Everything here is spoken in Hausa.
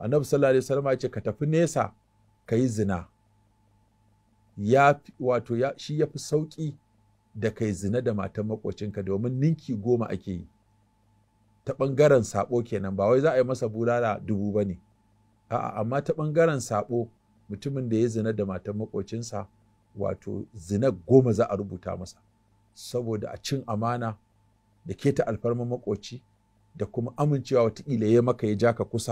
annabi sallallahu alaihi wasallam ya ce ka tafi nesa ka zina ya wato ya shi yafi fi sauƙi da kai zina da matan makocinka domin ninki goma ake yi ta ɓangaren saɓo kenan ba wai za a yi masa bulala dubu ba ne a'a amma ta ɓangaren saɓo mutumin da ya zina da matan makocinsa wato zina goma za a rubuta masa saboda a cin amana da keta alfarmar makoci da kuma amincewa watakila ya maka ya ja ka kusa